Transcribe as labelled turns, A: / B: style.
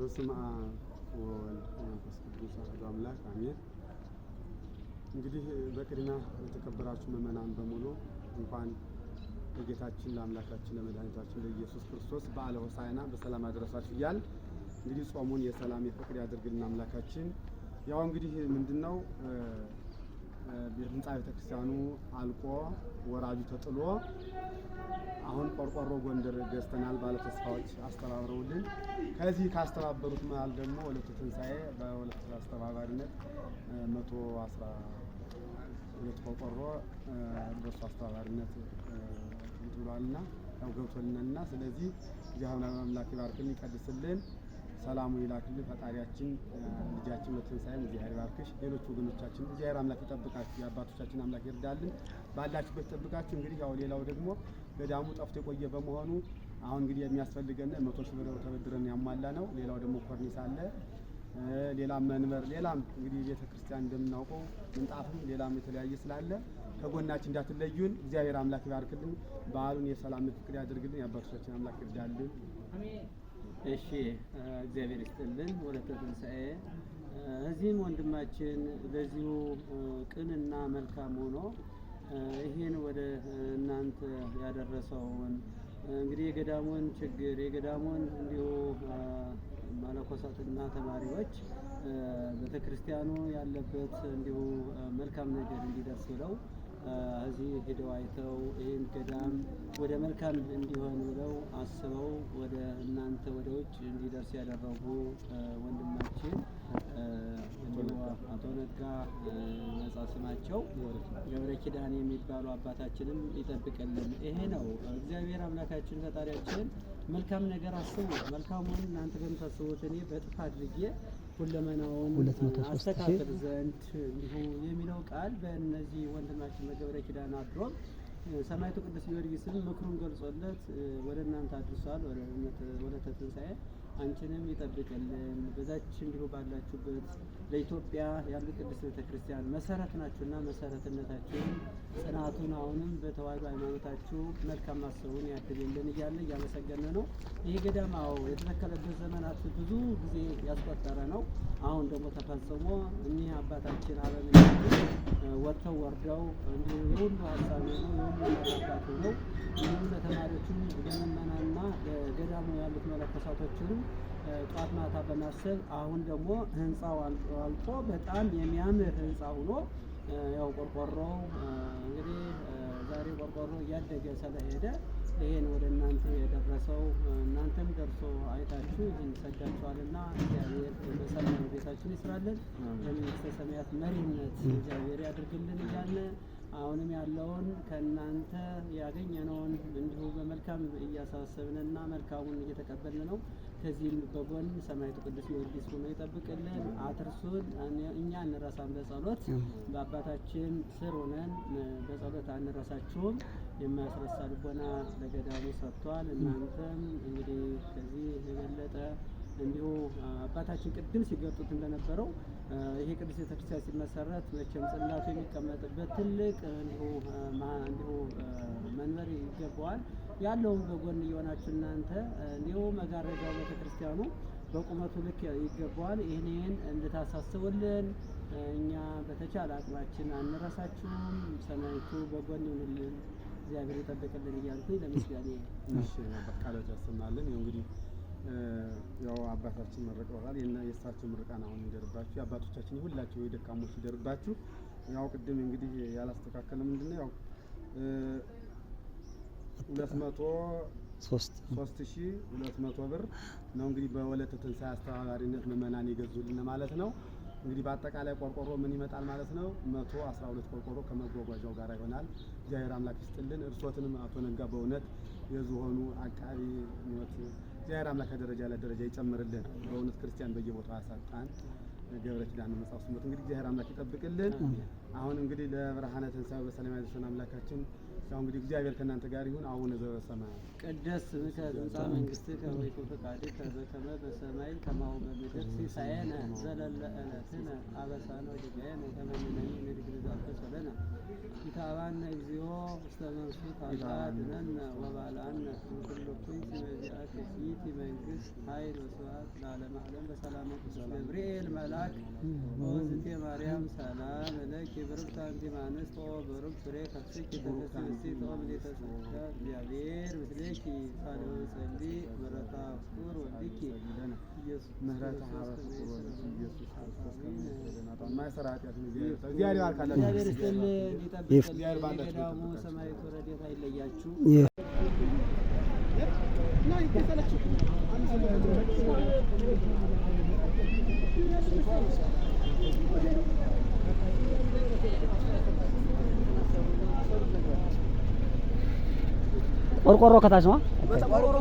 A: በስመ አብ ወወልድ ወመንፈስ ቅዱስ አሐዱ አምላክ አሜን። እንግዲህ በቅድሚያ የተከበራችሁ ምእመናን በሙሉ እንኳን ለጌታችን ለአምላካችን ለመድኃኒታችን ለኢየሱስ ክርስቶስ በዓለ ሆሳዕና በሰላም አደረሳችሁ እያል እንግዲህ ጾሙን የሰላም የፍቅር ያድርግልን አምላካችን። ያው እንግዲህ ምንድን ነው ህንፃ ቤተክርስቲያኑ አልቆ ወራጁ ተጥሎ አሁን ቆርቆሮ ጎንደር ገዝተናል። ባለተስፋዎች አስተባብረውልን ከዚህ ካስተባበሩት መሃል ደግሞ ወለተ ትንሳኤ በወለተ አስተባባሪነት መቶ አስራ ሁለት ቆርቆሮ በእሱ አስተባባሪነት ብሏልና ያው ገብቶልናልና፣ ስለዚህ እግዚአብሔር አምላክ ይባርክልን ይቀድስልን። ሰላሙ ይላክልህ ፈጣሪያችን። ልጃችን በትንሳኤም እግዚአብሔር ባርክሽ። ሌሎች ወገኖቻችን እግዚአብሔር አምላክ ይጠብቃችሁ፣ የአባቶቻችን አምላክ ይርዳልን፣ ባላችሁበት ይጠብቃችሁ። እንግዲህ ያው ሌላው ደግሞ ገዳሙ ጠፍቶ የቆየ በመሆኑ አሁን እንግዲህ የሚያስፈልገን መቶ ሺህ ብር ተበድረን ያሟላ ነው። ሌላው ደግሞ ኮርኒስ አለ፣ ሌላም መንበር፣ ሌላም እንግዲህ ቤተክርስቲያን እንደምናውቀው ምንጣፍም፣ ሌላም የተለያየ ስላለ ከጎናችን እንዳትለዩን። እግዚአብሔር አምላክ ይባርክልን። በዓሉን የሰላም ፍቅር ያደርግልን። የአባቶቻችን አምላክ ይርዳልን። አሜን።
B: እሺ እግዚአብሔር ይስጥልን። ወለተ ትንሣኤ እዚህም ወንድማችን በዚሁ ቅንና መልካም ሆኖ ይህን ወደ እናንተ ያደረሰውን እንግዲህ የገዳሙን ችግር የገዳሙን እንዲሁ መለኮሳትና ተማሪዎች ቤተክርስቲያኑ ያለበት እንዲሁ መልካም ነገር እንዲደርስ ብለው እዚህ ሄደው አይተው ይህን ገዳም ወደ መልካም እንዲሆን ብለው አስበው ወደ እናንተ ወደ ውጭ እንዲደርስ ያደረጉ ወንድማችን አቶ ነጋ ነጻ ስማቸው ገብረ ኪዳን የሚባሉ አባታችንም ይጠብቅልን። ይሄ ነው እግዚአብሔር አምላካችን ፈጣሪያችን መልካም ነገር አስቡ። መልካሙን እናንተ በምታስቡት እኔ በጥፍ አድርጌ ሁለመናውን አስተካክል ዘንድ እንዲሁ የሚለው ቃል በእነዚህ ወንድማችን በገብረ ኪዳን አድሮ ሰማዕቱ ቅዱስ ጊዮርጊስም ምክሩን ገልጾለት ወደ እናንተ አድርሷል። ወደ ትንሣኤ አንቺንም ይጠብቅልን። በዛች እንዲሁ ባላችሁበት ለኢትዮጵያ ያሉ ቅዱስ ቤተክርስቲያን መሰረት ናችሁና መሰረትነታችሁን ጽናቱን አሁንም በተዋሕዶ ሃይማኖታችሁ መልካም ማሰቡን ያድልልን እያለ እያመሰገነ ነው። ይህ ገዳማው የተተከለበት ዘመናት ብዙ ጊዜ ያስቆጠረ ነው። አሁን ደግሞ ተፈጽሞ እኒህ አባታችን አበምኛ ወጥተው ወርደው እንዲሁ የሁሉ ነው የሁሉ አባቱ ነው። እንዲሁም ለተማሪዎችም ገመመናና ገዳሙ ያሉት መነኮሳቶችንም ጧት ማታ በማሰብ አሁን ደግሞ ህንፃው አልቆ በጣም የሚያምር ህንፃ ሆኖ ያው ቆርቆሮው እንግዲህ ዛሬ ቆርቆሮ እያደገ ስለሄደ ይሄን ወደ እናንተ የደረሰው እናንተም ደርሶ አይታችሁ ይህን ሰዳችኋልና እግዚአብሔር ቤታችን ይስራለን። ለመንግስተ ሰማያት መሪነት እግዚአብሔር ያድርግልን እያለ አሁንም ያለውን ከእናንተ ያገኘነውን እንዲሁ በመልካም እያሳሰብንና መልካሙን እየተቀበልን ነው። ከዚህም በጎን ሰማዕቱ ቅዱስ ጊዮርጊስ ሆኖ ይጠብቅልን፣ አትርሱን፣ እኛ እንረሳን። በጸሎት በአባታችን ስር ሆነን በጸሎት አንረሳችሁም። የማያስረሳ ልቦና ለገዳሙ ሰጥቷል። እናንተም እንግዲህ ከዚህ የበለጠ እንዲሁ አባታችን ቅድም ሲገልጡት እንደነበረው ይሄ ቅዱስ ቤተክርስቲያን ሲመሰረት መቼም ጽላቱ የሚቀመጥበት ትልቅ እንዲሁ እንዲሁ መንበር ይገባዋል። ያለውም በጎን እየሆናችሁ እናንተ እንዲሁ መጋረጃው ቤተክርስቲያኑ በቁመቱ ልክ ይገባዋል። ይህንን እንድታሳስቡልን እኛ በተቻለ አቅማችን አንረሳችሁም። ሰናይቱ በጎን ይሁንልን፣ እግዚአብሔር ይጠብቅልን እያልኩኝ ለምስጋኔ
A: ቃሎች ያሰማልን እንግዲህ ያው አባታችን መርቀውታል። የና የእሳቸው ምርቃን አሁን ይደርባችሁ፣ የአባቶቻችን የሁላችሁ የደካሞች ይደርባችሁ። ያው ቅድም እንግዲህ ያላስተካከለ ምንድን ነው ያው ሁለት መቶ ሶስት ሺ ሁለት መቶ ብር ነው እንግዲህ በወለተ ትንሣኤ አስተባባሪነት ምዕመናን የገዙልን ማለት ነው። እንግዲህ በአጠቃላይ ቆርቆሮ ምን ይመጣል ማለት ነው? መቶ አስራ ሁለት ቆርቆሮ ከመጓጓዣው ጋር ይሆናል። እግዚአብሔር አምላክ ይስጥልን። እርሶትንም አቶ ነጋ በእውነት የዝሆኑ አቃቢ እግዚአብሔር አምላክ ከደረጃ ለደረጃ ይጨምርልን። በእውነት ክርስቲያን በየቦታው አሳጣን ገብረ ኪዳን መጽሐፍ ስሞት እንግዲህ እግዚአብሔር አምላክ ይጠብቅልን። አሁን እንግዲህ ለብርሃነ ትንሣኤው በሰላም ያደርሰን አምላካችን። ያው እንግዲህ እግዚአብሔር ከእናንተ ጋር ይሁን። አቡነ ዘበሰማያት ቅድስት ስምከ
B: ትምጻእ መንግሥትከ ወይኩን ፈቃድከ በከመ በሰማይ ከማሁ በምድር ሲሳየነ ዘለለ ዕለትነ አበሳነ ወጌጋየነ ከመ ንሕነኒ ንርግም ዛብእ ሰለነ ኢታባነ እግዚኦ ውስተ መንሱት ኃጢአት ነነ ወባልዐነ እምኩሉ ኩይ ይቲ መንግስት ኃይል ወስብሐት ለዓለመ ዓለም በሰላም ቅዱስ ገብርኤል መልአክ ወዝቴ ማርያም ሰላም እለኪ ብርክት አንቲ ማንስት ኦ ብሩክ ፍሬ ከፍስኪ ተፈስቲ ጾም ሊተሰዳ እግዚአብሔር ምስሌኪ ሳሌው ጸሊ ምረታ ፍቁር ወልኪ እግዚአብሔር ይስጥልን ይጠብቅልን። ገዳሙ ሰማያዊት ወረዴታ አይለያችሁ።
C: ቆርቆሮ ከታች ነው።
D: ቆርቆሮ